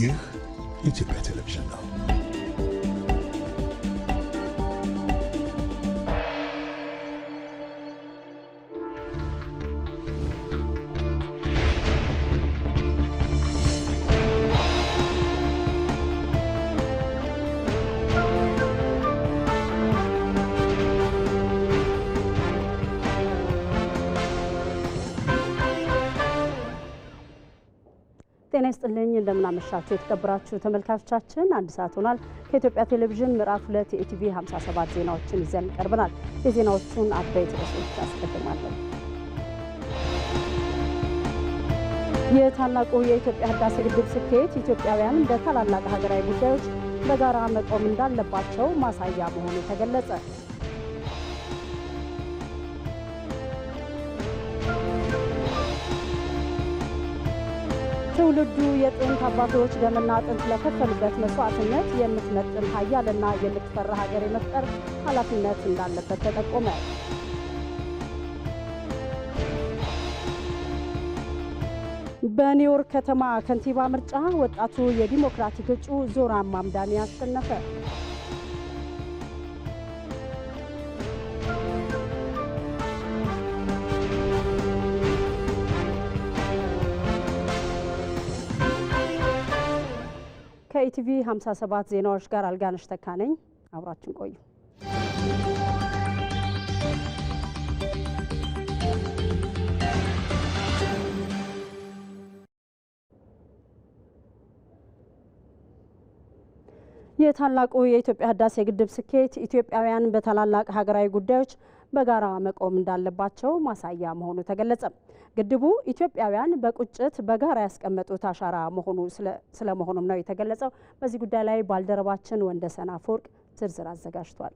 ይህ የኢትዮጵያ ቴሌቪዥን ነው። ጤና ይስጥልኝ እንደምናመሻችሁ የተከበራችሁ ተመልካቾቻችን፣ አንድ ሰዓት ሆኗል። ከኢትዮጵያ ቴሌቪዥን ምዕራፍ ሁለት የኢቲቪ 57 ዜናዎችን ይዘን ቀርበናል። የዜናዎቹን አበይት ርዕሶች አስቀድማለን። የታላቁ የኢትዮጵያ ህዳሴ ግድብ ስኬት ኢትዮጵያውያን በታላላቅ ሀገራዊ ጉዳዮች በጋራ መቆም እንዳለባቸው ማሳያ መሆኑ ተገለጸ። ትውልዱ የጥንት አባቶች ደምና አጥንት ለከፈሉበት መስዋዕትነት የምትመጥን ሀያልና የምትፈራ ሀገር የመፍጠር ኃላፊነት እንዳለበት ተጠቆመ። በኒውዮርክ ከተማ ከንቲባ ምርጫ ወጣቱ የዲሞክራቲክ እጩ ዞህራን ማምዳኒ አሸነፈ። ከኢቲቪ 57 ዜናዎች ጋር አልጋነሽ ተካ ነኝ። አብራችን ቆዩ። የታላቁ የኢትዮጵያ ህዳሴ ግድብ ስኬት ኢትዮጵያውያን በታላላቅ ሀገራዊ ጉዳዮች በጋራ መቆም እንዳለባቸው ማሳያ መሆኑ ተገለጸ። ግድቡ ኢትዮጵያውያን በቁጭት በጋራ ያስቀመጡት አሻራ መሆኑ ስለመሆኑም ነው የተገለጸው። በዚህ ጉዳይ ላይ ባልደረባችን ወንደሰን አፈወርቅ ዝርዝር አዘጋጅቷል።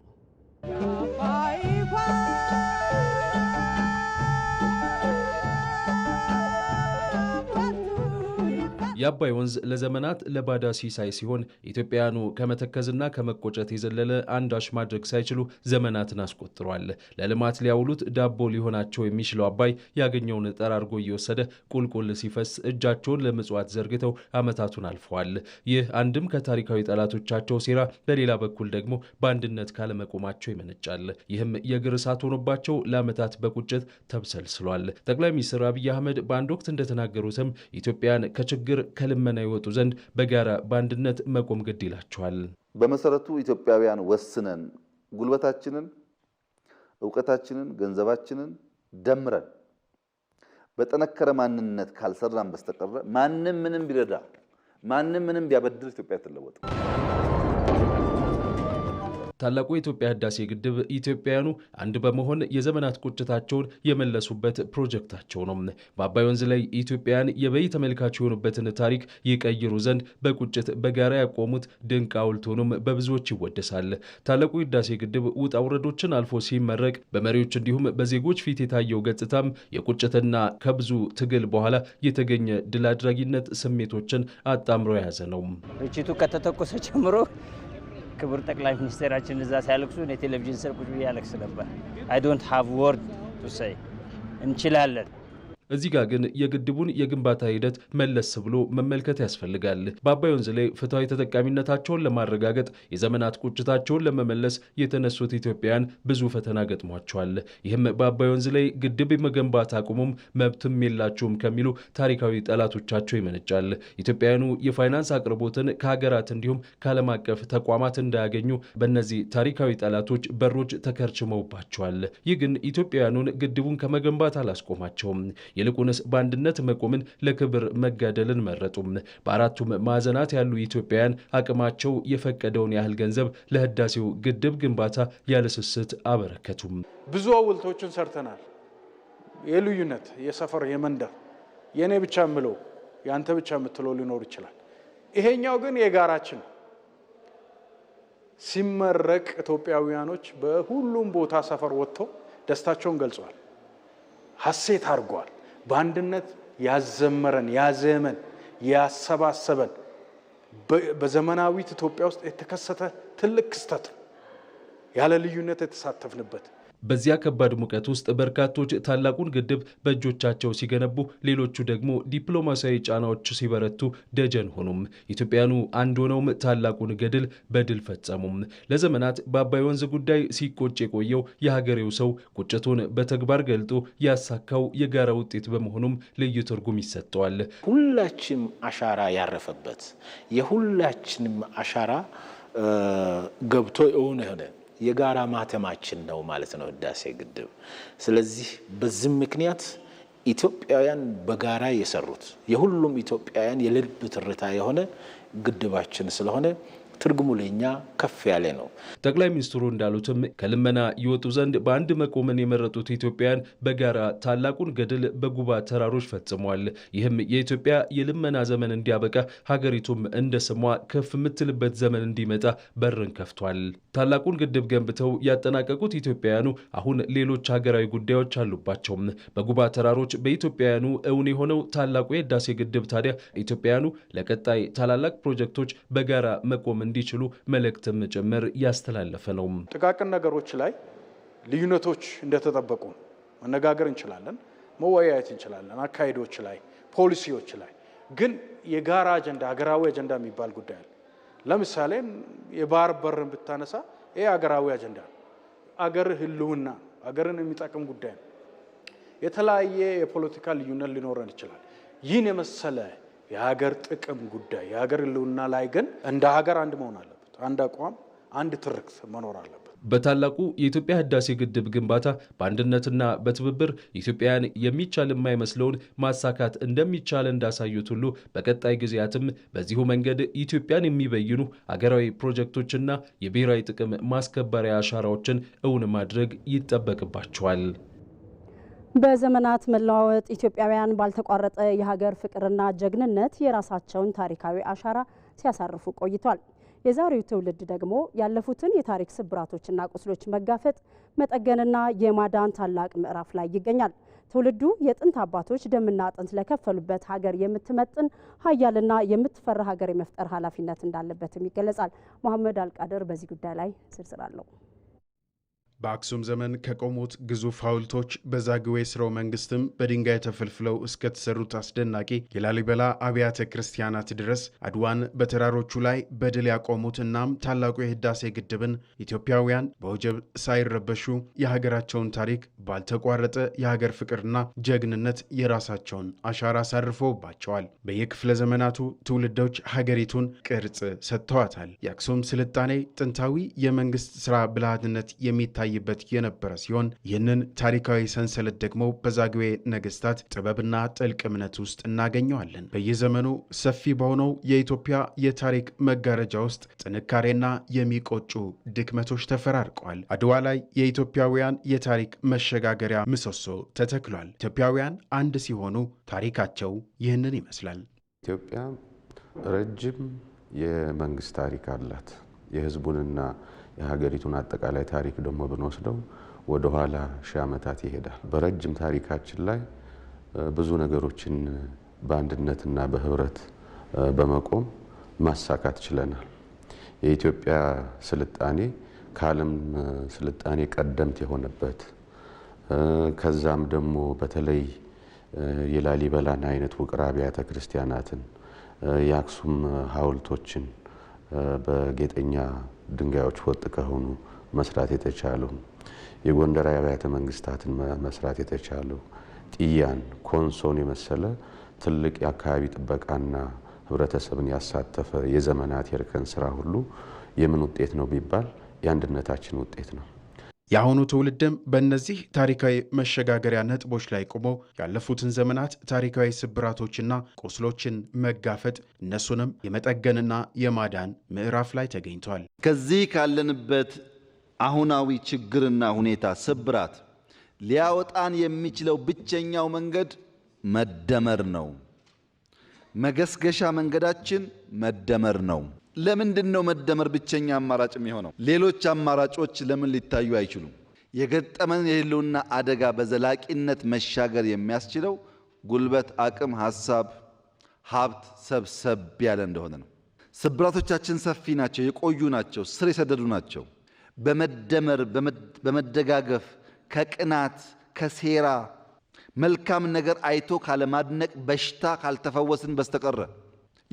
የአባይ ወንዝ ለዘመናት ለባዳ ሲሳይ ሲሆን ኢትዮጵያውያኑ ከመተከዝና ከመቆጨት የዘለለ አንዳች ማድረግ ሳይችሉ ዘመናትን አስቆጥሯል። ለልማት ሊያውሉት ዳቦ ሊሆናቸው የሚችለው አባይ ያገኘውን ጠራርጎ እየወሰደ ቁልቁል ሲፈስ እጃቸውን ለምጽዋት ዘርግተው ዓመታቱን አልፈዋል። ይህ አንድም ከታሪካዊ ጠላቶቻቸው ሴራ፣ በሌላ በኩል ደግሞ በአንድነት ካለመቆማቸው ይመነጫል። ይህም የእግር እሳት ሆኖባቸው ለዓመታት በቁጭት ተብሰልስሏል። ጠቅላይ ሚኒስትር አብይ አህመድ በአንድ ወቅት እንደተናገሩትም ኢትዮጵያን ከችግር ከልመና ይወጡ ዘንድ በጋራ በአንድነት መቆም ግድ ይላቸዋል። በመሰረቱ ኢትዮጵያውያን ወስነን ጉልበታችንን፣ እውቀታችንን፣ ገንዘባችንን ደምረን በጠነከረ ማንነት ካልሰራን በስተቀረ ማንም ምንም ቢረዳ ማንም ምንም ቢያበድር ኢትዮጵያ ትለወጥ ታላቁ የኢትዮጵያ ህዳሴ ግድብ ኢትዮጵያውያኑ አንድ በመሆን የዘመናት ቁጭታቸውን የመለሱበት ፕሮጀክታቸው ነው። በአባይ ወንዝ ላይ ኢትዮጵያውያን የበይ ተመልካች የሆኑበትን ታሪክ ይቀይሩ ዘንድ በቁጭት በጋራ ያቆሙት ድንቅ ሐውልት ሆኖም በብዙዎች ይወደሳል። ታላቁ የህዳሴ ግድብ ውጣ ውረዶችን አልፎ ሲመረቅ በመሪዎች እንዲሁም በዜጎች ፊት የታየው ገጽታም የቁጭትና ከብዙ ትግል በኋላ የተገኘ ድል አድራጊነት ስሜቶችን አጣምሮ የያዘ ነው። ርችቱ ከተተኮሰ ጀምሮ ክቡር ጠቅላይ ሚኒስትራችን እዛ ሲያለቅሱ እኔ ቴሌቪዥን ስር ቁጭ ብዬ አለቅስ ነበር። አይ ዶንት ሃቭ ወርድ ቱ ሴይ። እንችላለን እዚህ ጋር ግን የግድቡን የግንባታ ሂደት መለስ ብሎ መመልከት ያስፈልጋል። በአባይ ወንዝ ላይ ፍትሐዊ ተጠቃሚነታቸውን ለማረጋገጥ የዘመናት ቁጭታቸውን ለመመለስ የተነሱት ኢትዮጵያውያን ብዙ ፈተና ገጥሟቸዋል። ይህም በአባይ ወንዝ ላይ ግድብ መገንባት አቁሙም መብትም የላቸውም ከሚሉ ታሪካዊ ጠላቶቻቸው ይመነጫል። ኢትዮጵያውያኑ የፋይናንስ አቅርቦትን ከሀገራት እንዲሁም ከዓለም አቀፍ ተቋማት እንዳያገኙ በእነዚህ ታሪካዊ ጠላቶች በሮች ተከርችመውባቸዋል። ይህ ግን ኢትዮጵያውያኑን ግድቡን ከመገንባት አላስቆማቸውም። ይልቁንስ በአንድነት መቆምን ለክብር መጋደልን መረጡም። በአራቱም ማዕዘናት ያሉ ኢትዮጵያውያን አቅማቸው የፈቀደውን ያህል ገንዘብ ለህዳሴው ግድብ ግንባታ ያለስስት አበረከቱም። ብዙ ሐውልቶችን ሰርተናል። የልዩነት የሰፈር የመንደር የእኔ ብቻ የምለው የአንተ ብቻ የምትለው ሊኖር ይችላል። ይሄኛው ግን የጋራችን ሲመረቅ ኢትዮጵያውያኖች በሁሉም ቦታ ሰፈር ወጥተው ደስታቸውን ገልጸዋል። ሀሴት አድርገዋል። በአንድነት ያዘመረን ያዘመን ያሰባሰበን በዘመናዊት ኢትዮጵያ ውስጥ የተከሰተ ትልቅ ክስተት ያለ ልዩነት የተሳተፍንበት በዚያ ከባድ ሙቀት ውስጥ በርካቶች ታላቁን ግድብ በእጆቻቸው ሲገነቡ፣ ሌሎቹ ደግሞ ዲፕሎማሲያዊ ጫናዎች ሲበረቱ ደጀን ሆኑም። ኢትዮጵያኑ አንድ ሆነውም ታላቁን ገድል በድል ፈጸሙም። ለዘመናት በአባይ ወንዝ ጉዳይ ሲቆጭ የቆየው የሀገሬው ሰው ቁጭቱን በተግባር ገልጦ ያሳካው የጋራ ውጤት በመሆኑም ልዩ ትርጉም ይሰጠዋል። ሁላችንም አሻራ ያረፈበት የሁላችንም አሻራ ገብቶ እውን ሆነ የጋራ ማተማችን ነው ማለት ነው ህዳሴ ግድብ። ስለዚህ በዚህም ምክንያት ኢትዮጵያውያን በጋራ የሰሩት የሁሉም ኢትዮጵያውያን የልብ ትርታ የሆነ ግድባችን ስለሆነ ትርጉሙ ለኛ ከፍ ያለ ነው። ጠቅላይ ሚኒስትሩ እንዳሉትም ከልመና ይወጡ ዘንድ በአንድ መቆመን የመረጡት ኢትዮጵያውያን በጋራ ታላቁን ገድል በጉባ ተራሮች ፈጽሟል። ይህም የኢትዮጵያ የልመና ዘመን እንዲያበቃ ሀገሪቱም እንደ ስሟ ከፍ የምትልበት ዘመን እንዲመጣ በርን ከፍቷል። ታላቁን ግድብ ገንብተው ያጠናቀቁት ኢትዮጵያውያኑ አሁን ሌሎች ሀገራዊ ጉዳዮች አሉባቸው። በጉባ ተራሮች በኢትዮጵያውያኑ እውን የሆነው ታላቁ የህዳሴ ግድብ ታዲያ ኢትዮጵያውያኑ ለቀጣይ ታላላቅ ፕሮጀክቶች በጋራ መቆምን እንዲችሉ መልእክትም ጭምር ያስተላለፈ ነው። ጥቃቅን ነገሮች ላይ ልዩነቶች እንደተጠበቁ መነጋገር እንችላለን፣ መወያየት እንችላለን። አካሄዶች ላይ፣ ፖሊሲዎች ላይ ግን የጋራ አጀንዳ ሀገራዊ አጀንዳ የሚባል ጉዳይ አለ። ለምሳሌ የባህር በርን ብታነሳ ይህ ሀገራዊ አጀንዳ አገር ህልውና አገርን የሚጠቅም ጉዳይ ነው። የተለያየ የፖለቲካ ልዩነት ሊኖረን ይችላል። ይህን የመሰለ የሀገር ጥቅም ጉዳይ የሀገር ህልውና ላይ ግን እንደ ሀገር አንድ መሆን አለበት። አንድ አቋም፣ አንድ ትርክት መኖር አለበት። በታላቁ የኢትዮጵያ ህዳሴ ግድብ ግንባታ በአንድነትና በትብብር ኢትዮጵያን የሚቻል የማይመስለውን ማሳካት እንደሚቻል እንዳሳዩት ሁሉ በቀጣይ ጊዜያትም በዚሁ መንገድ ኢትዮጵያን የሚበይኑ አገራዊ ፕሮጀክቶችና የብሔራዊ ጥቅም ማስከበሪያ አሻራዎችን እውን ማድረግ ይጠበቅባቸዋል። በዘመናት መለዋወጥ ኢትዮጵያውያን ባልተቋረጠ የሀገር ፍቅርና ጀግንነት የራሳቸውን ታሪካዊ አሻራ ሲያሳርፉ ቆይቷል። የዛሬው ትውልድ ደግሞ ያለፉትን የታሪክ ስብራቶችና ቁስሎች መጋፈጥ፣ መጠገንና የማዳን ታላቅ ምዕራፍ ላይ ይገኛል። ትውልዱ የጥንት አባቶች ደምና አጥንት ለከፈሉበት ሀገር የምትመጥን ሀያልና የምትፈራ ሀገር የመፍጠር ኃላፊነት እንዳለበትም ይገለጻል። መሐመድ አልቃድር በዚህ ጉዳይ ላይ ዝርዝር አለው። በአክሱም ዘመን ከቆሙት ግዙፍ ሐውልቶች በዛግዌ ስርወ መንግስትም በድንጋይ ተፈልፍለው እስከተሰሩት አስደናቂ የላሊበላ አብያተ ክርስቲያናት ድረስ አድዋን በተራሮቹ ላይ በድል ያቆሙት እናም ታላቁ የህዳሴ ግድብን ኢትዮጵያውያን በወጀብ ሳይረበሹ የሀገራቸውን ታሪክ ባልተቋረጠ የሀገር ፍቅርና ጀግንነት የራሳቸውን አሻራ አሳርፈውባቸዋል። በየክፍለ ዘመናቱ ትውልዶች ሀገሪቱን ቅርጽ ሰጥተዋታል። የአክሱም ስልጣኔ ጥንታዊ የመንግስት ስራ ብልሃትነት የሚታይ የሚታይበት የነበረ ሲሆን ይህንን ታሪካዊ ሰንሰለት ደግሞ በዛግዌ ነገስታት ጥበብና ጥልቅ እምነት ውስጥ እናገኘዋለን። በየዘመኑ ሰፊ በሆነው የኢትዮጵያ የታሪክ መጋረጃ ውስጥ ጥንካሬና የሚቆጩ ድክመቶች ተፈራርቀዋል። አድዋ ላይ የኢትዮጵያውያን የታሪክ መሸጋገሪያ ምሰሶ ተተክሏል። ኢትዮጵያውያን አንድ ሲሆኑ ታሪካቸው ይህንን ይመስላል። ኢትዮጵያ ረጅም የመንግስት ታሪክ አላት። የህዝቡንና የሀገሪቱን አጠቃላይ ታሪክ ደግሞ ብንወስደው ወደኋላ ሺህ ዓመታት ይሄዳል። በረጅም ታሪካችን ላይ ብዙ ነገሮችን በአንድነትና በህብረት በመቆም ማሳካት ችለናል። የኢትዮጵያ ስልጣኔ ከዓለም ስልጣኔ ቀደምት የሆነበት ከዛም ደግሞ በተለይ የላሊበላን አይነት ውቅር አብያተ ክርስቲያናትን የአክሱም ሐውልቶችን በጌጠኛ ድንጋዮች ወጥ ከሆኑ መስራት የተቻሉ የጎንደር አብያተ መንግስታትን መስራት የተቻሉ ጥያን፣ ኮንሶን የመሰለ ትልቅ የአካባቢ ጥበቃና ህብረተሰብን ያሳተፈ የዘመናት የርከን ስራ ሁሉ የምን ውጤት ነው ቢባል የአንድነታችን ውጤት ነው። የአሁኑ ትውልድም በእነዚህ ታሪካዊ መሸጋገሪያ ነጥቦች ላይ ቆሞ ያለፉትን ዘመናት ታሪካዊ ስብራቶችና ቁስሎችን መጋፈጥ እነሱንም የመጠገንና የማዳን ምዕራፍ ላይ ተገኝቷል። ከዚህ ካለንበት አሁናዊ ችግርና ሁኔታ ስብራት ሊያወጣን የሚችለው ብቸኛው መንገድ መደመር ነው። መገስገሻ መንገዳችን መደመር ነው። ለምንድን ነው መደመር ብቸኛ አማራጭ የሚሆነው? ሌሎች አማራጮች ለምን ሊታዩ አይችሉም? የገጠመን የህልውና አደጋ በዘላቂነት መሻገር የሚያስችለው ጉልበት፣ አቅም፣ ሀሳብ፣ ሀብት ሰብሰብ ያለ እንደሆነ ነው። ስብራቶቻችን ሰፊ ናቸው፣ የቆዩ ናቸው፣ ስር የሰደዱ ናቸው። በመደመር በመደጋገፍ ከቅናት ከሴራ መልካም ነገር አይቶ ካለማድነቅ በሽታ ካልተፈወስን በስተቀረ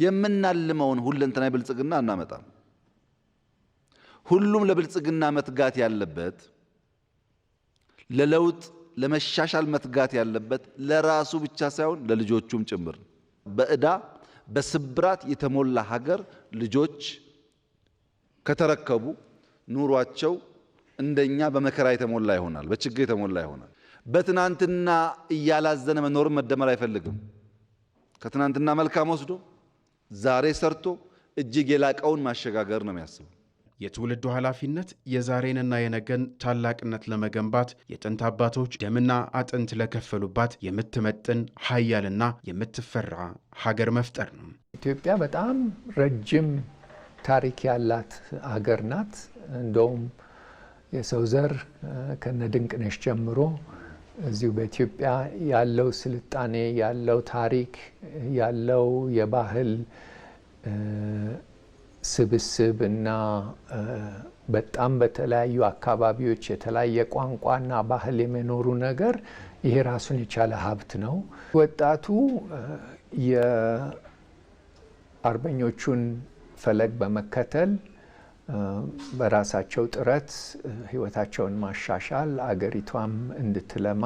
የምናልመውን ሁለንተና ብልጽግና አናመጣም። ሁሉም ለብልጽግና መትጋት ያለበት ለለውጥ ለመሻሻል መትጋት ያለበት ለራሱ ብቻ ሳይሆን ለልጆቹም ጭምር። በእዳ በስብራት የተሞላ ሀገር ልጆች ከተረከቡ ኑሯቸው እንደኛ በመከራ የተሞላ ይሆናል፣ በችግር የተሞላ ይሆናል። በትናንትና እያላዘነ መኖርም መደመር አይፈልግም። ከትናንትና መልካም ወስዶ ዛሬ ሰርቶ እጅግ የላቀውን ማሸጋገር ነው የሚያስበው። የትውልዱ ኃላፊነት የዛሬንና የነገን ታላቅነት ለመገንባት የጥንት አባቶች ደምና አጥንት ለከፈሉባት የምትመጥን ሀያልና የምትፈራ ሀገር መፍጠር ነው። ኢትዮጵያ በጣም ረጅም ታሪክ ያላት ሀገር ናት። እንደውም የሰው ዘር ከነ ድንቅነሽ ጀምሮ እዚሁ በኢትዮጵያ ያለው ስልጣኔ ያለው ታሪክ ያለው የባህል ስብስብ እና በጣም በተለያዩ አካባቢዎች የተለያየ ቋንቋና ባህል የመኖሩ ነገር ይሄ ራሱን የቻለ ሀብት ነው። ወጣቱ የአርበኞቹን ፈለግ በመከተል በራሳቸው ጥረት ህይወታቸውን ማሻሻል አገሪቷም እንድትለማ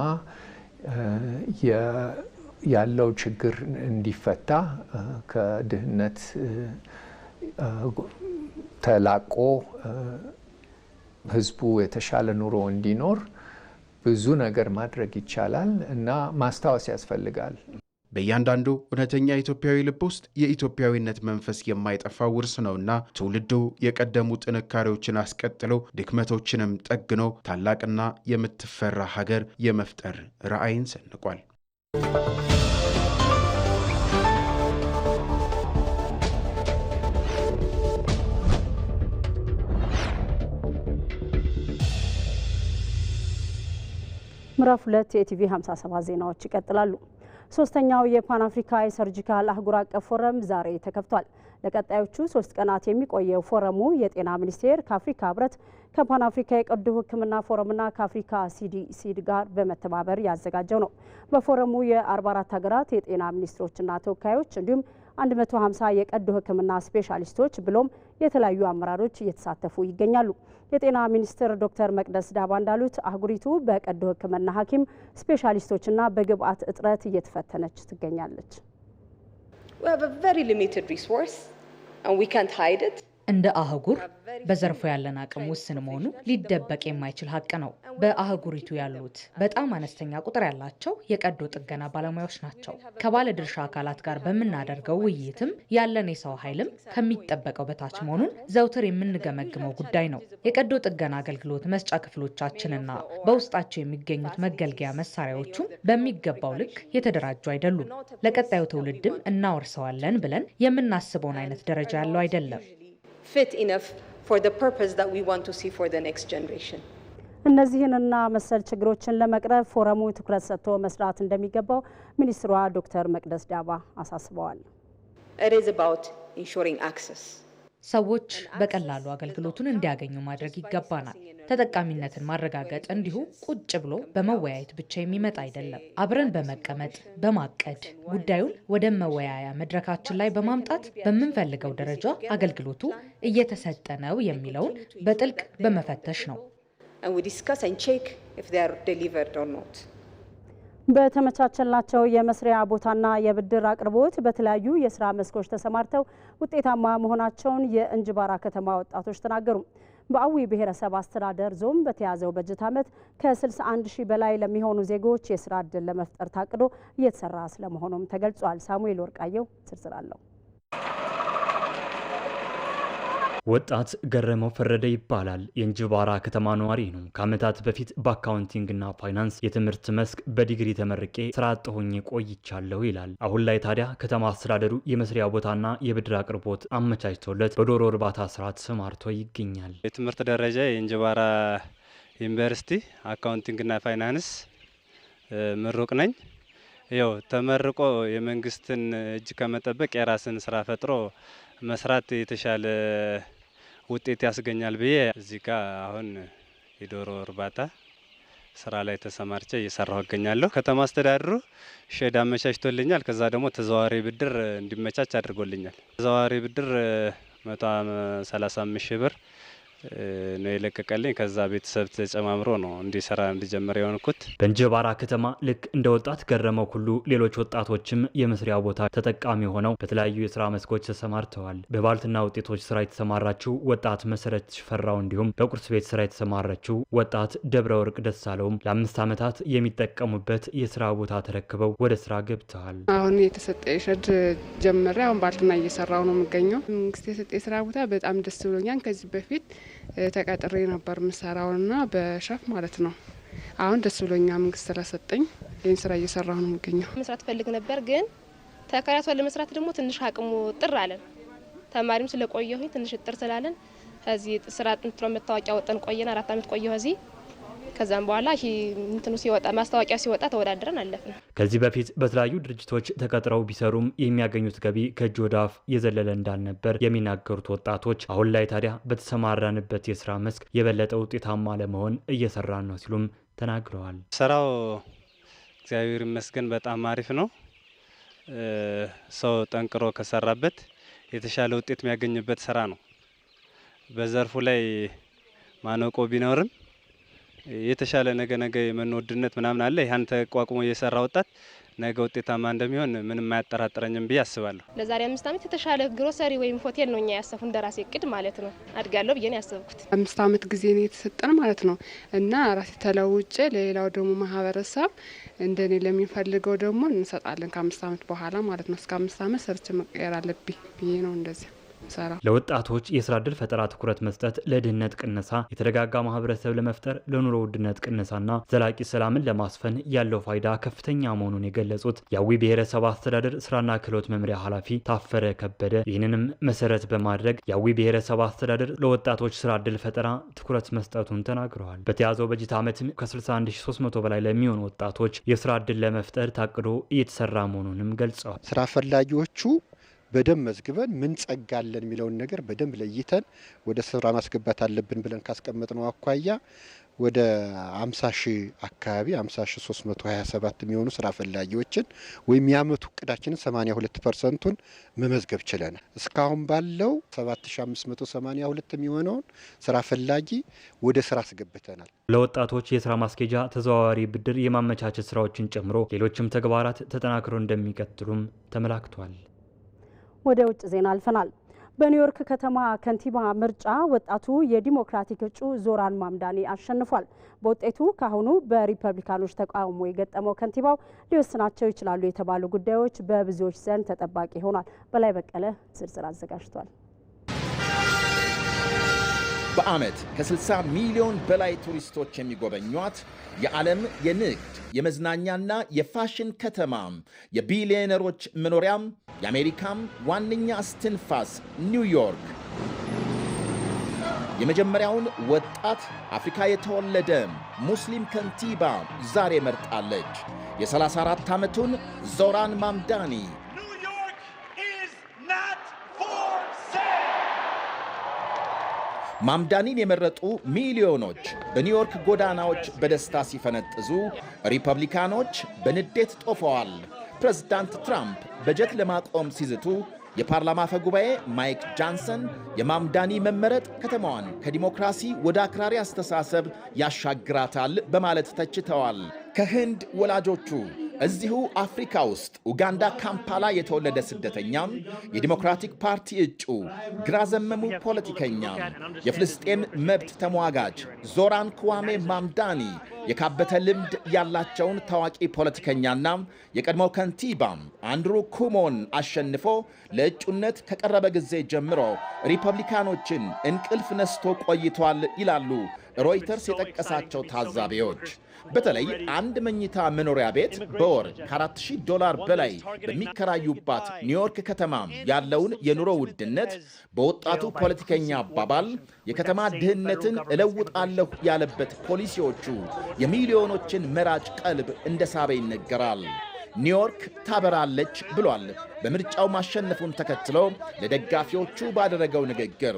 ያለው ችግር እንዲፈታ ከድህነት ተላቆ ህዝቡ የተሻለ ኑሮ እንዲኖር ብዙ ነገር ማድረግ ይቻላል እና ማስታወስ ያስፈልጋል። በእያንዳንዱ እውነተኛ ኢትዮጵያዊ ልብ ውስጥ የኢትዮጵያዊነት መንፈስ የማይጠፋ ውርስ ነውና ትውልዱ የቀደሙ ጥንካሬዎችን አስቀጥሎ ድክመቶችንም ጠግኖ ታላቅና የምትፈራ ሀገር የመፍጠር ራዕይን ሰንቋል። ምዕራፍ ሁለት የኢቲቪ 57 ዜናዎች ይቀጥላሉ። ሶስተኛው የፓን አፍሪካ የሰርጂካል አህጉር አቀፍ ፎረም ዛሬ ተከፍቷል። ለቀጣዮቹ ሶስት ቀናት የሚቆየው ፎረሙ የጤና ሚኒስቴር ከአፍሪካ ህብረት ከፓን አፍሪካ የቀዶ ሕክምና ፎረምና ከአፍሪካ ሲዲሲድ ጋር በመተባበር ያዘጋጀው ነው። በፎረሙ የ44 ሀገራት የጤና ሚኒስትሮችና ተወካዮች እንዲሁም 150 የቀዶ ሕክምና ስፔሻሊስቶች ብሎም የተለያዩ አመራሮች እየተሳተፉ ይገኛሉ። የጤና ሚኒስትር ዶክተር መቅደስ ዳባ እንዳሉት አህጉሪቱ በቀዶ ሕክምና ሐኪም ስፔሻሊስቶችና በግብአት እጥረት እየተፈተነች ትገኛለች። እንደ አህጉር በዘርፉ ያለን አቅም ውስን መሆኑ ሊደበቅ የማይችል ሀቅ ነው። በአህጉሪቱ ያሉት በጣም አነስተኛ ቁጥር ያላቸው የቀዶ ጥገና ባለሙያዎች ናቸው። ከባለድርሻ አካላት ጋር በምናደርገው ውይይትም ያለን የሰው ኃይልም ከሚጠበቀው በታች መሆኑን ዘውትር የምንገመግመው ጉዳይ ነው። የቀዶ ጥገና አገልግሎት መስጫ ክፍሎቻችንና በውስጣቸው የሚገኙት መገልገያ መሳሪያዎቹም በሚገባው ልክ የተደራጁ አይደሉም። ለቀጣዩ ትውልድም እናወርሰዋለን ብለን የምናስበውን አይነት ደረጃ ያለው አይደለም። fit enough for the purpose that we want to see for the next generation. እነዚህንና መሰል ችግሮችን ለመቅረብ ፎረሙ ትኩረት ሰጥቶ መስራት እንደሚገባው ሚኒስትሯ ዶክተር መቅደስ ዳባ አሳስበዋል። It is about ensuring access. ሰዎች በቀላሉ አገልግሎቱን እንዲያገኙ ማድረግ ይገባናል። ተጠቃሚነትን ማረጋገጥ እንዲሁ ቁጭ ብሎ በመወያየት ብቻ የሚመጣ አይደለም። አብረን በመቀመጥ በማቀድ ጉዳዩን ወደ መወያያ መድረካችን ላይ በማምጣት በምንፈልገው ደረጃ አገልግሎቱ እየተሰጠ ነው የሚለውን በጥልቅ በመፈተሽ ነው። በተመቻቸላቸው የመስሪያ ቦታና የብድር አቅርቦት በተለያዩ የስራ መስኮች ተሰማርተው ውጤታማ መሆናቸውን የእንጅባራ ከተማ ወጣቶች ተናገሩ። በአዊ ብሔረሰብ አስተዳደር ዞን በተያዘው በጀት ዓመት ከ61 ሺህ በላይ ለሚሆኑ ዜጎች የስራ እድል ለመፍጠር ታቅዶ እየተሰራ ስለመሆኑም ተገልጿል። ሳሙኤል ወርቃየው ዝርዝር አለው። ወጣት ገረመው ፈረደ ይባላል። የእንጅባራ ከተማ ነዋሪ ነው። ከዓመታት በፊት በአካውንቲንግና ፋይናንስ የትምህርት መስክ በዲግሪ ተመርቄ ስራ አጥ ሆኜ ቆይቻለሁ ይላል። አሁን ላይ ታዲያ ከተማ አስተዳደሩ የመስሪያ ቦታና የብድር አቅርቦት አመቻችቶለት በዶሮ እርባታ ስራ ተሰማርቶ ይገኛል። የትምህርት ደረጃ የእንጅባራ ዩኒቨርሲቲ አካውንቲንግና ፋይናንስ ምሩቅ ነኝ። ያው ተመርቆ የመንግስትን እጅ ከመጠበቅ የራስን ስራ ፈጥሮ መስራት የተሻለ ውጤት ያስገኛል ብዬ እዚህ ጋር አሁን የዶሮ እርባታ ስራ ላይ ተሰማርቼ እየሰራሁ እገኛለሁ። ከተማ አስተዳደሩ ሼድ አመቻችቶልኛል። ከዛ ደግሞ ተዘዋዋሪ ብድር እንዲመቻች አድርጎልኛል። ተዘዋዋሪ ብድር መቶ ሰላሳ አምስት ሺህ ብር ነው የለቀቀልኝ። ከዛ ቤተሰብ ተጨማምሮ ነው እንዲሰራ እንዲጀምር የሆንኩት። በእንጅባራ ከተማ ልክ እንደ ወጣት ገረመው ሁሉ ሌሎች ወጣቶችም የመስሪያ ቦታ ተጠቃሚ ሆነው በተለያዩ የስራ መስኮች ተሰማርተዋል። በባልትና ውጤቶች ስራ የተሰማራችው ወጣት መሰረት ሽፈራው እንዲሁም በቁርስ ቤት ስራ የተሰማራችው ወጣት ደብረ ወርቅ ደሳለውም ለአምስት ዓመታት የሚጠቀሙበት የስራ ቦታ ተረክበው ወደ ስራ ገብተዋል። አሁን የተሰጠ የሸድ ጀመረ። አሁን ባልትና እየሰራው ነው የሚገኘው። መንግስት የሰጠ የስራ ቦታ በጣም ደስ ብሎኛል። ከዚህ በፊት ተቀጥሬ ነበር የምሰራውና በሸፍ ማለት ነው። አሁን ደስ ብሎኛ መንግስት ስለሰጠኝ ይህን ስራ እየሰራሁ ነው የሚገኘው። መስራት ፈልግ ነበር ግን ተከራቷ ለመስራት ደግሞ ትንሽ አቅሙ ጥር አለን። ተማሪም ስለቆየሁኝ ትንሽ እጥር ስላለን ከዚህ ስራ ጥንትሮ መታወቂያ ወጠን ቆየን። አራት አመት ቆየሁ እዚህ ከዛም በኋላ እንትኑ ሲወጣ ማስታወቂያ ሲወጣ ተወዳድረን አለፍን። ከዚህ በፊት በተለያዩ ድርጅቶች ተቀጥረው ቢሰሩም የሚያገኙት ገቢ ከእጅ ወደ አፍ የዘለለ እንዳልነበር የሚናገሩት ወጣቶች አሁን ላይ ታዲያ በተሰማራንበት የስራ መስክ የበለጠ ውጤታማ ለመሆን እየሰራን ነው ሲሉም ተናግረዋል። ስራው እግዚአብሔር ይመስገን በጣም አሪፍ ነው። ሰው ጠንቅሮ ከሰራበት የተሻለ ውጤት የሚያገኝበት ስራ ነው። በዘርፉ ላይ ማነቆ ቢኖርም የተሻለ ነገ ነገ የመኖ ውድነት ምናምን አለ። ይህን ተቋቁሞ የሰራ ወጣት ነገ ውጤታማ እንደሚሆን ምንም አያጠራጥረኝም ብዬ አስባለሁ። ለዛሬ አምስት ዓመት የተሻለ ግሮሰሪ ወይም ሆቴል ነው እኛ ያሰፉ እንደ ራሴ እቅድ ማለት ነው አድጋለሁ ብዬ ነው ያሰብኩት። አምስት ዓመት ጊዜ ነው የተሰጠን ማለት ነው እና ራሴ ተለውጬ ለሌላው ደግሞ ማህበረሰብ እንደኔ ለሚፈልገው ደግሞ እንሰጣለን ከአምስት ዓመት በኋላ ማለት ነው። እስከ አምስት ዓመት ሰርቼ መቀየር አለብኝ ብዬ ነው እንደዚያ ሰራ ለወጣቶች የስራ እድል ፈጠራ ትኩረት መስጠት ለድህነት ቅነሳ፣ የተረጋጋ ማህበረሰብ ለመፍጠር፣ ለኑሮ ውድነት ቅነሳና ዘላቂ ሰላምን ለማስፈን ያለው ፋይዳ ከፍተኛ መሆኑን የገለጹት የአዊ ብሔረሰብ አስተዳደር ስራና ክህሎት መምሪያ ኃላፊ ታፈረ ከበደ ይህንንም መሰረት በማድረግ የአዊ ብሔረሰብ አስተዳደር ለወጣቶች ስራ እድል ፈጠራ ትኩረት መስጠቱን ተናግረዋል። በተያዘው በጀት ዓመትም ከ61300 በላይ ለሚሆኑ ወጣቶች የስራ እድል ለመፍጠር ታቅዶ እየተሰራ መሆኑንም ገልጸዋል። ስራ ፈላጊዎቹ በደንብ መዝግበን ምን ጸጋለን የሚለውን ነገር በደንብ ለይተን ወደ ስራ ማስገባት አለብን ብለን ካስቀመጥነው አኳያ ወደ 50 ሺህ አካባቢ 50 ሺህ 327 የሚሆኑ ስራ ፈላጊዎችን ወይም የአመቱ እቅዳችንን 82 ፐርሰንቱን መመዝገብ ችለናል። እስካሁን ባለው 7582 የሚሆነውን ስራ ፈላጊ ወደ ስራ አስገብተናል። ለወጣቶች የስራ ማስኬጃ ተዘዋዋሪ ብድር የማመቻቸት ስራዎችን ጨምሮ ሌሎችም ተግባራት ተጠናክረው እንደሚቀጥሉም ተመላክቷል። ወደ ውጭ ዜና አልፈናል። በኒውዮርክ ከተማ ከንቲባ ምርጫ ወጣቱ የዲሞክራቲክ እጩ ዞራን ማምዳኒ አሸንፏል። በውጤቱ ካሁኑ በሪፐብሊካኖች ተቃውሞ የገጠመው ከንቲባው ሊወስናቸው ይችላሉ የተባሉ ጉዳዮች በብዙዎች ዘንድ ተጠባቂ ሆኗል። በላይ በቀለ ዝርዝር አዘጋጅቷል። በዓመት ከ60 ሚሊዮን በላይ ቱሪስቶች የሚጎበኟት የዓለም የንግድ የመዝናኛና የፋሽን ከተማ የቢሊዮነሮች መኖሪያም የአሜሪካም ዋነኛ እስትንፋስ ኒውዮርክ የመጀመሪያውን ወጣት አፍሪካ የተወለደ ሙስሊም ከንቲባ ዛሬ መርጣለች። የ34 ዓመቱን ዞራን ማምዳኒ ማምዳኒን የመረጡ ሚሊዮኖች በኒውዮርክ ጎዳናዎች በደስታ ሲፈነጥዙ፣ ሪፐብሊካኖች በንዴት ጦፈዋል። ፕሬዝዳንት ትራምፕ በጀት ለማቆም ሲዝቱ፣ የፓርላማ አፈ ጉባኤ ማይክ ጃንሰን የማምዳኒ መመረጥ ከተማዋን ከዲሞክራሲ ወደ አክራሪ አስተሳሰብ ያሻግራታል በማለት ተችተዋል። ከህንድ ወላጆቹ እዚሁ አፍሪካ ውስጥ ኡጋንዳ ካምፓላ የተወለደ ስደተኛም የዲሞክራቲክ ፓርቲ እጩ ግራ ዘመሙ ፖለቲከኛም የፍልስጤም መብት ተሟጋጅ ዞራን ክዋሜ ማምዳኒ የካበተ ልምድ ያላቸውን ታዋቂ ፖለቲከኛና የቀድሞ ከንቲባም አንድሩ ኩሞን አሸንፎ ለእጩነት ከቀረበ ጊዜ ጀምሮ ሪፐብሊካኖችን እንቅልፍ ነስቶ ቆይቷል ይላሉ ሮይተርስ የጠቀሳቸው ታዛቢዎች። በተለይ አንድ መኝታ መኖሪያ ቤት በወር ከ4000 ዶላር በላይ በሚከራዩባት ኒውዮርክ ከተማ ያለውን የኑሮ ውድነት በወጣቱ ፖለቲከኛ አባባል የከተማ ድህነትን እለውጣለሁ ያለበት ፖሊሲዎቹ የሚሊዮኖችን መራጭ ቀልብ እንደሳበ ይነገራል። ኒውዮርክ ታበራለች ብሏል በምርጫው ማሸነፉን ተከትሎ ለደጋፊዎቹ ባደረገው ንግግር።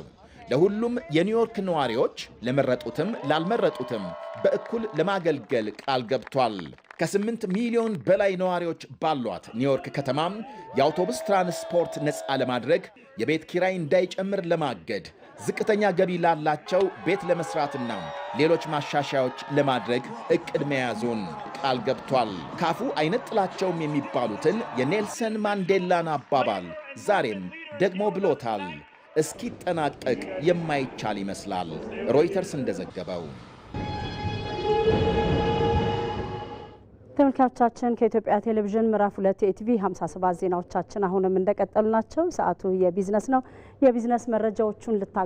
ለሁሉም የኒውዮርክ ነዋሪዎች ለመረጡትም ላልመረጡትም በእኩል ለማገልገል ቃል ገብቷል። ከ ከ8 ሚሊዮን በላይ ነዋሪዎች ባሏት ኒውዮርክ ከተማም የአውቶቡስ ትራንስፖርት ነፃ ለማድረግ የቤት ኪራይ እንዳይጨምር ለማገድ ዝቅተኛ ገቢ ላላቸው ቤት ለመስራትና ሌሎች ማሻሻያዎች ለማድረግ እቅድ መያዙን ቃል ገብቷል። ካፉ አይነጥላቸውም የሚባሉትን የኔልሰን ማንዴላን አባባል ዛሬም ደግሞ ብሎታል። እስኪጠናቀቅ የማይቻል ይመስላል። ሮይተርስ እንደዘገበው ተመልካቾቻችን ከኢትዮጵያ ቴሌቪዥን ምዕራፍ ሁለት የኢቲቪ 57 ዜናዎቻችን አሁንም እንደቀጠሉ ናቸው። ሰዓቱ የቢዝነስ ነው። የቢዝነስ መረጃዎቹን ልታ